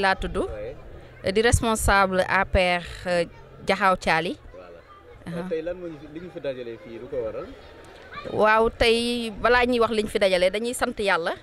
laa tudd di responsable APR Jaxaaw Caali tey waaw tey balaa ñuy wax liñ fi dajale dañuy sant yàlla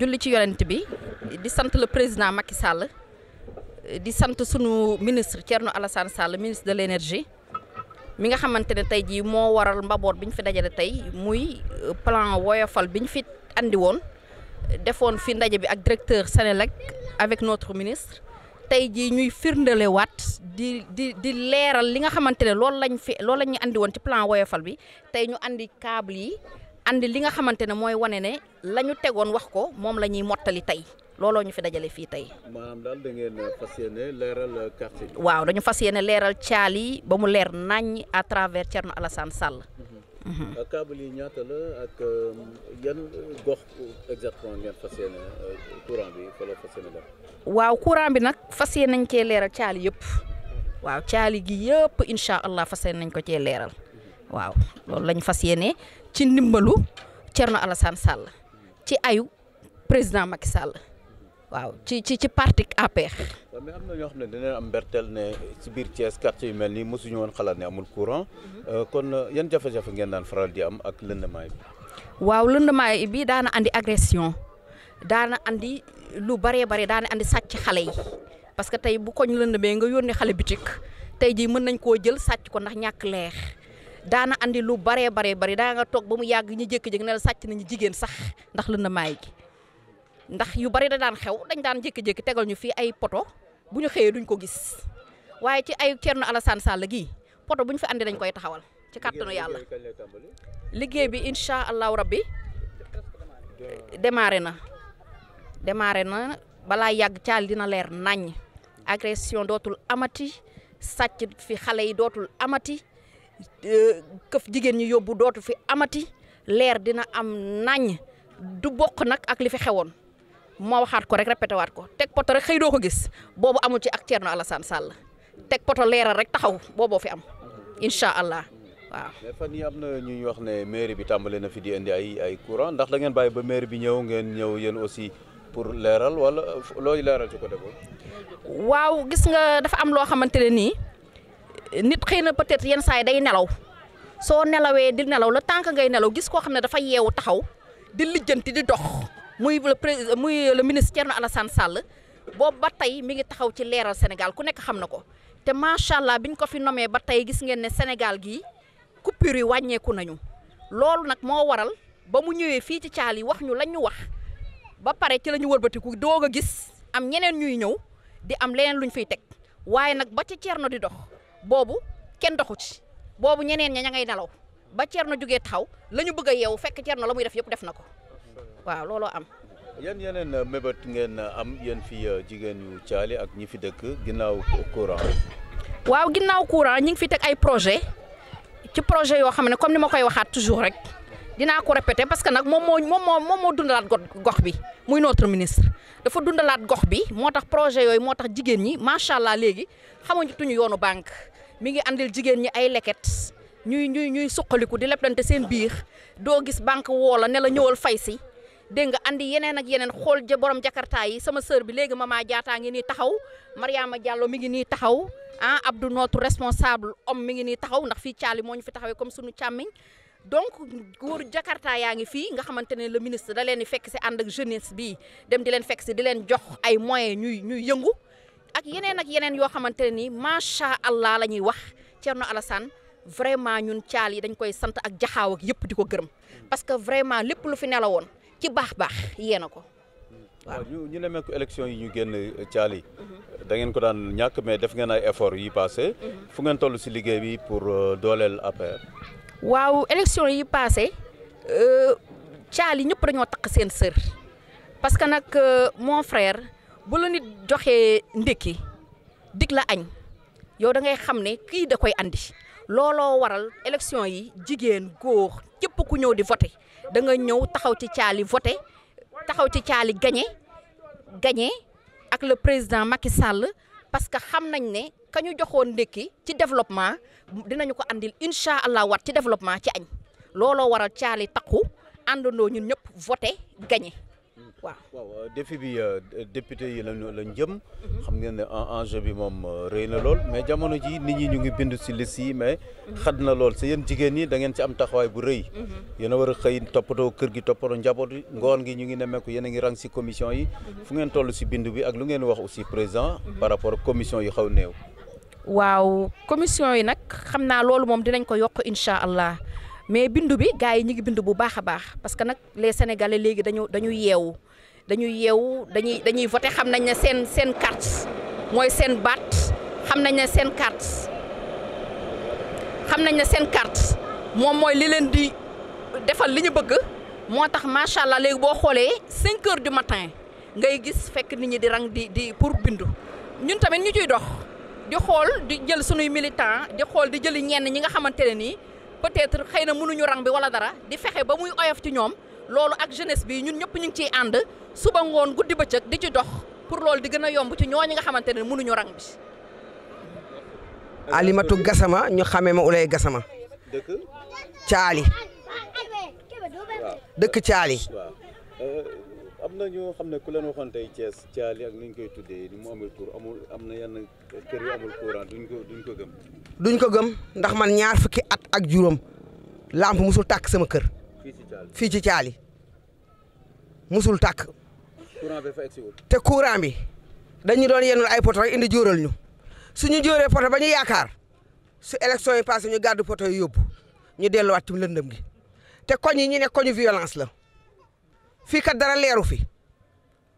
julli ci yonent bi di sant le président Macky sàll di sant sunu ministre Thierno Alassane Sall ministre de l'énergie mi nga xamante ne tey jii moo waral mbaboot bi ñu fi dajale tey muy euh, plan woyofal bi ñu fi andi woon defoon fi ndaje bi ak directeur Senelec avec notre ministre tey jii ñuy firndelewaat di di di leeral li nga xamante ne lool lañ fi lool la ñu andi woon ci plan woyofal bi tey ñu andi câble yi andi li nga xamante ne mooy wane ne la ñu tegoon wax ko moom la ñuy mottali tey looloo ñu fi dajale fii tey. maanaam daal waaw dañu fas yéene leeral caal yi ba mu leer naññ à travers Thierno Alassane Sall. Mhm. Mm-hmm. Euh, câble yi ñaata la ak euh, yan gox exactement ngeen fas yéene euh, courant bi waaw courant bi nag fas yéene nañ cee leeral caali yëpp waaw caali gi yëpp incha allah fas yéene nañ ko cee leeral waaw loolu lañ fas yéene ci ndimbalu cer Thierno Alassane Sall ci ayu président Macky Sall waaw ci ci ci parti APR mais am na ñoo xam ne dinañ am mberteel ne ci biir Thiès quartier yu mel nii mosuñu xalaat ne amul courant mhm. euh, kon euh, yan jafe-jafe ngeen daan faral di am ak lëndamaay bi. waaw lëndamaay bi daana andi agression daana andi lu baree bare daana andi sàcc xale yi parce que tey bu koñ lëndamee nga yónnee xale bitik tey jii mën nañ koo jël sàcc ko ndax ñàkk leex daana andi lu baree baree bari daa nga toog ba mu yàgg ñu jékki-jékki ne sàcc nañu jigéen sax ndax may gi ndax yu bari da daan xew dañ daan jékki-jékki tegal ñu fii ay poto. bu ñu xëyee duñ ko gis waaye ci ay Thierno Alassane Sall gii poto bu ñu fi andi dañ koy taxawal ci kàttanu yàlla liggéey bi incha allahu rabbi démarré na démarré na balaa yàgg caal dina leer naññ agression dootul amati sàcc fi xale yi dootul amati euh, këf jigéen ñi yóbbu dootul fi amati leer dina am nàññ du boq nag ak li fi xewoon maw xaat ko rek répété waat ko teg poto rek xëy doo ko gis boobu amul ci ak Thierno Alassane Sall teg poto leeral rek taxaw booboo fi am incha allah waaw. mais am na ñuy wax ne mairie bi tàmbale na fi di indi ay ay courant ndax da ngeen bàyyi ba mairie bi ñëw ngeen ñëw yéen aussi pour leeral wala looy leeral ci ko boobu. waaw gis nga dafa am loo xamante ne nii nit xëy na peut-être yenn saa yi day nelaw soo nelawee di nelaw la tànk ngay nelaw gis koo xam ne dafa yeewu taxaw di lijjanti di dox. muy le président muy le ministre Thierno Alassane sàll boobu ba tey mi ngi taxaw ci leeral Sénégal ku nekk xam na ko te macha allah bi ñu ko fi nomee ba tey gis ngeen ne Sénégal gii coupure yi wàññeeku nañu loolu nag moo waral ba mu ñëwee fii ci caal yi wax ñu lañ ñu wax ba pare ci la ñu wëlbatiku doog a gis am ñeneen ñuy ñëw di am leneen lu ñu fiy teg waaye nag ba ci ceer Thierno di dox boobu kenn doxu ci boobu ñeneen ña ña ngay nelaw ba Thierno jógee taxaw la ñu bëgg a yeewu fekk Thierno la muy def yëpp def na ko. waaw looloo am. yan yeneen euh, mébét ngeen euh, am yéen fi euh, jigéen yu caali ak ñi fi dëkk ginnaaw courant. waaw ginnaaw courant ñi ngi fi teg ay projet ci projet yoo xam ne comme ni ma koy waxaat toujours rek dinaa ko répéter parce que nag moom moo moom moo moom moo dundalaat gox bi muy notre ministre dafa dundalaat gox bi moo tax projet yooyu moo tax jigéen ñi macha allah léegi xamatuñu yoonu banque mi ngi andil jigéen ñi ay leket ñuy ñuy ñuy suqaliku di leblante seen biir doo gis banque woo ne la ñëwal fay si. dégg nga andi yeneen ak yeneen xool ja borom jakarta yi sama sœur bi léegi ma maa jaataa ngi nii taxaw Mariama Diallo mi ngi nii taxaw ah Abdou notre responsable homme mi ngi nii taxaw ndax fii caali moo ñu fi taxawee comme sunu càmmiñ donc góoru jakarta yaa ngi fii nga xamante ne le ministre da leen di fekk si ànd ak jeunesse bi dem di leen fekk si di leen jox ay moyens ñuy ñuy yëngu ak yeneen ak yeneen yoo xamante ne nii macha allah la ñuy wax Thierno Alassane vraiment ñun caal yi dañ koy sant ak jaxaaw yëpp di ko gërëm parce que vraiment lépp lu fi nelawoon ci baax-baax yéena ko mm. waaw ñu ñu nemmeeku élection yi ñu génn euh, Thialy mm-hmm. da ngeen ko daan ñàkk mais def ngeen ay effort yi passé mm-hmm. fu ngeen toll si liggéey bi pour euh, dooleel APR waaw élection yi passé euh, Thialy ñëpp dañoo takk seen sër parce que nag mon frère bu la nit joxee ndékki dig la añ yow da ngay xam ne kii da koy andi looloo waral élection yi jigéen góor képp ku ñëw di voté da nga ñëw taxaw ci caali voté taxaw ci caali gagné gagné ak le président Macky Sall parce que xam nañ ne kañu ñu joxoon ndékki ci développement dinañu ko andil incha allah wat ci développement ci añ looloo waral caali takku àndandoo ñun ñëpp voté gagné. waaw waaw euh, défi bi euh, député yi lañ la jëm. xam ngeen ne enjeu bi moom euh, rëy na lool mais jamono ji nit ñi ñu ngi bind si liste yi mais. xat na lool si yéen jigéen ñi da ngeen ci am taxawaay bu rëy. yéen a war a xëy toppatoo kër gi toppatoo njaboot yi ngoon gi ñu ngi nemmeeku yéen a ngi rang si commission yi. fu ngeen toll si bind bi ak lu ngeen wax aussi président. par rapport commission yi xaw neew waaw commission yi nag xam naa loolu moom dinañ ko yokk incha allah. mais bindu bi gars yi ñu ngi bindu bu baax a baax parce que nag les léegi dañu dañu yeewu dañuy yeewu dañuy dañuy voté xam nañ ne seen seen carte mooy seen baat xam nañ ne seen carte xam nañ na seen carte moom mooy li leen di defal li ñu bëgg moo tax macha allah léegi boo xoolee 5 heures du matin ngay gis fekk nit ñi di rang di di pour bindu ñun tamit ñu ciy dox di xool di jël suñuy militant di xool di jëli ñenn ñi nga xamante ne nii peut-être xëy na mënuñu rang bi wala dara di fexe ba muy oyof ci ñoom loolu ak jeunesse bi ñun ñëpp ñu ngi ciy ànd. suba ngoon guddi bëccëg di ci dox pour loolu di gën a yomb ci ñooñu nga xamante ne mënuñu rang bi. alimatu gasama ñu xamee ma ulay gasama. dëkk caali. dëkk caali. Euh, am na ñoo xam ne ku leen waxoon tey Thiès caali ak ni ñu koy tuddee ni mu amul am na yenn amul courant duñ ko duñ ko gëm. duñ ko gëm ndax man ñaar fukki at ak juróom lampe musul tàkk sama kër. fii ci caali fii ci caali musul tàkk. te courant bi dañu doon yenul ay poto rek indi jóoral ñu suñu jóoree poto ba ñu yaakaar su élection yi passé ñu gàddu poto yi yóbbu ñu delluwaat ci lëndëm gi te koñ yi ñu ne koñu violence la fii kat dara leeru fi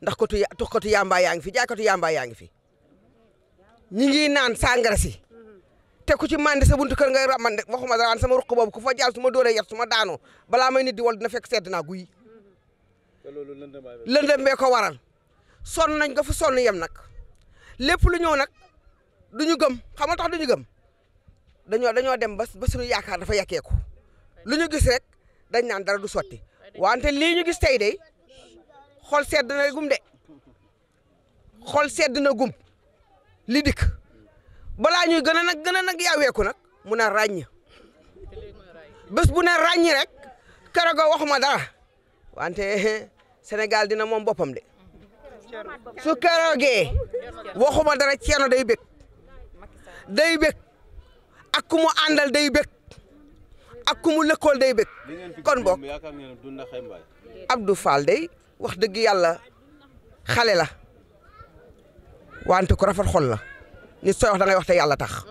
ndax kotu tuxkatu yàmbaa yaa ngi fi jaaykatu yàmbaa yaa ngi fi ñi ngi naan sàngara si te ku ci màndi sa buntu kër ngay man de waxuma dara sama ruq boobu ku fa jaar su ma dóoree yat su ma daanoo balaa may nit di wal dina fekk sedd naa guy lëndëm bee ko waral sonn nañ ko fu sonn yem nag lépp lu ñëw nag du ñu gëm xam nga tax du ñu gëm dañoo dañoo dem ba ba suñu yaakaar dafa yàkkeeku lu ñu gis rek dañ naan dara du sotti wante lii ñu gis tey de xool sedd na gum de xool sedd na gum li dikk balaa ñuy gën a nag gën nag yaaweeku nag mun a ràññ bés bu ne ràññ rek keroog waxuma dara wante Sénégal dina moom boppam de su keroogee waxuma dara ceeno day bég day bég ak ku mu àndal day bég ak ku mu lëkkool day bég kon boog Abdou Fall day wax dëgg yàlla xale la wante ku rafet xol la nit sooy wax ngay wax te yàlla tax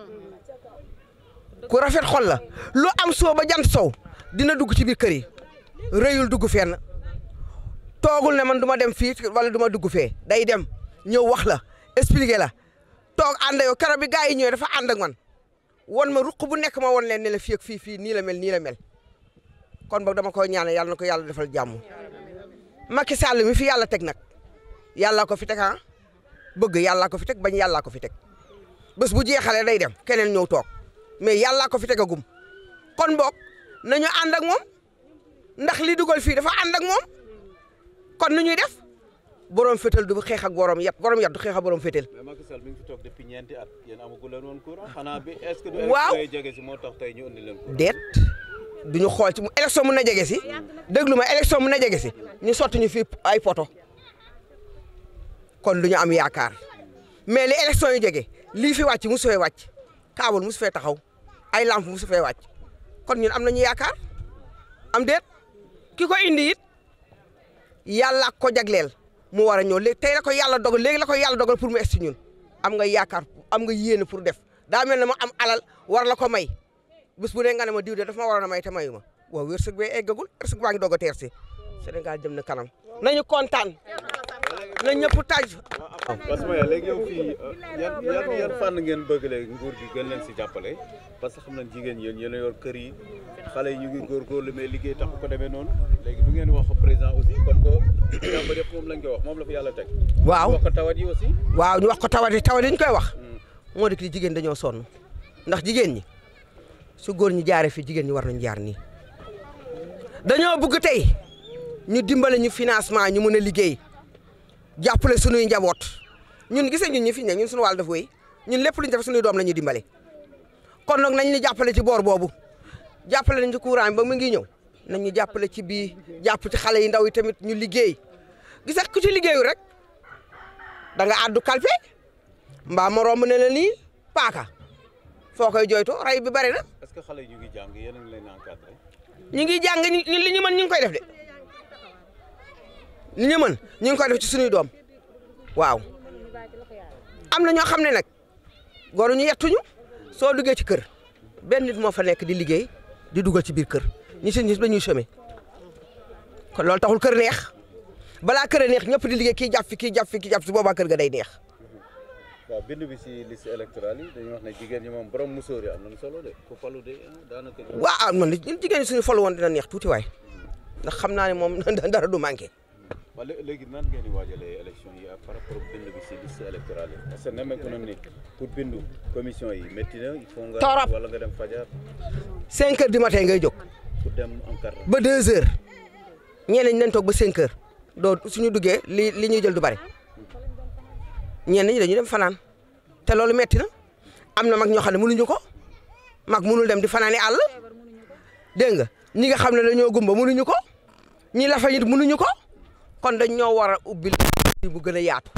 ku rafet xol la loo am soo ba jant sow dina dugg ci biir kër yi rëyul dugg fenn toogul ne man du ma dem fii wala duma ma dugg fee day dem ñëw wax la expliquer la toog ànd yow keroog bi gars yi ñëwee dafa ànd ak man won ma ruq bu nekk ma won leen ne la fii ak fii fii nii la mel nii la mel kon boog dama koo ñaanal yàlla na ko yàlla defal jàmm. Macky Sall mi fi yàlla teg nag yàlla ko fi teg ah bëgg yàlla ko fi teg bañ yàlla ko fi teg bés bu jeexalee day dem keneen ñëw toog mais yàlla ko fi tegagum kon boog nañu ànd ak moom ndax li dugal fii dafa ànd ak moom. kon nu ñuy def borom féetal du xeex ak borom yat borom yat du xeex ak borom féetal. fi toog depuis ñeenti at yéen amagu leen woon courant ah. xanaa bi est-ce waaw du ñu du ñu xool ci mu élection mun na jege si déglu ma élection mun na jege si ñu sotti ñu fii ay poto kon du ñu am yaakaar mais li élection yu jege lii fi wàcc mosu fee wàcc kaabul mosu fee taxaw ay lamp mosu fee wàcc kon ñun am ñu yaakaar am déet ki ko indi it. yàlla ko jagleel mu war a ñëw léegi tey la ko yàlla dogal léegi la ko yàlla dogal pour mu egsi ñun am nga yaakaar am nga yéene pour def daa mel ne ma am alal war la ko may bés bu ne nga ne ma diw de dafa ma waroon a may ta may ma waaw wërsëg bee eggagul wërsëg baa ngi doog a teer si Sénégal jëm na kanam nañu kontaan na ñëpp taj. parce que léegi yow fii euh, yan yan ngeen bëgg léegi nguur gi gën leen si jàppale parce que xam nañ jigéen yéen yéen a yor kër yi xale yi ñu ngi góorgóorlu mais liggéey tax ko demee noonu léegi du ngeen wax président aussi comme que jàpp yëpp lañ koy wax moom la fi yàlla teg. waaw wax ko aussi. waaw ñu wax ko tawat yi tawat yi ñu koy wax. Hmm. moo dikk jigéen dañoo sonn ndax jigéen ñi su góor ñi jaaree fi jigéen ñi war nañ jaar nii dañoo bëgg tey ñu dimbale ñu financement ñu mun a liggéey jàppale sunuy njaboot ñun gisee ñun ñi fi ne ñun suñu wàll daf wéy ñun lépp lu ñu def doom la ñuy dimbale kon nag nañ ñu jàppale ci boor boobu jàppale nañ ci courant bi ba mu ngi ñëw nañ ñu jàppale ci bii jàpp ci xale yi ndaw yi tamit ñu liggéey gis ku ci liggéeyu rek da nga àddu kalpe mbaa ma romb ne la nii paaka foo koy jooytu rey bi bari na. est que xale yi ñu ngi jàng yéen a ngi ñu ngi jàng ñun li ñu mën ñu ngi koy def de. li ñu mën ñu ngi koy def ci suñuy doom waaw am na ñoo xam ne nag góor ñu yettuñu soo duggee ci kër benn nit moo fa nekk di liggéey di dugal ci biir kër ñi si ñis dañuy chômer kon loolu taxul kër neex balaa kër a neex ñëpp di liggéey kii jàpp fi kii jàpp fi kii boobaa kër ga day neex. waaw bind bi si liste électorale yi dañuy wax na jigéen ñi moom borom musóor yi am nañu solo de ku falu de daanaka. waaw man jigéen ñi suñu falu woon dina neex tuuti waay ndax xam naa ne moom dara du manqué. waaw léegi nan ngeen di waajalee élection yi ak par rapport bindu bi si yi métti na il faut nga. torop wala nga ngay jóg. pour ba 2 heures. ñeneen ñi nañ toog ba 5 heures doo suñu duggee li li ñuy jël du bari ñeneen ñi dañuy dem fanaan te loolu metti na am na mag ñoo xam ne mënuñu ko mag mënul dem di fanaan i àll dégg nga ñi nga xam ne ñoo gumba mënuñu ko ñi lafa it mënuñu ko. kon dañ ñoo war a ubbil bu gën a yaatu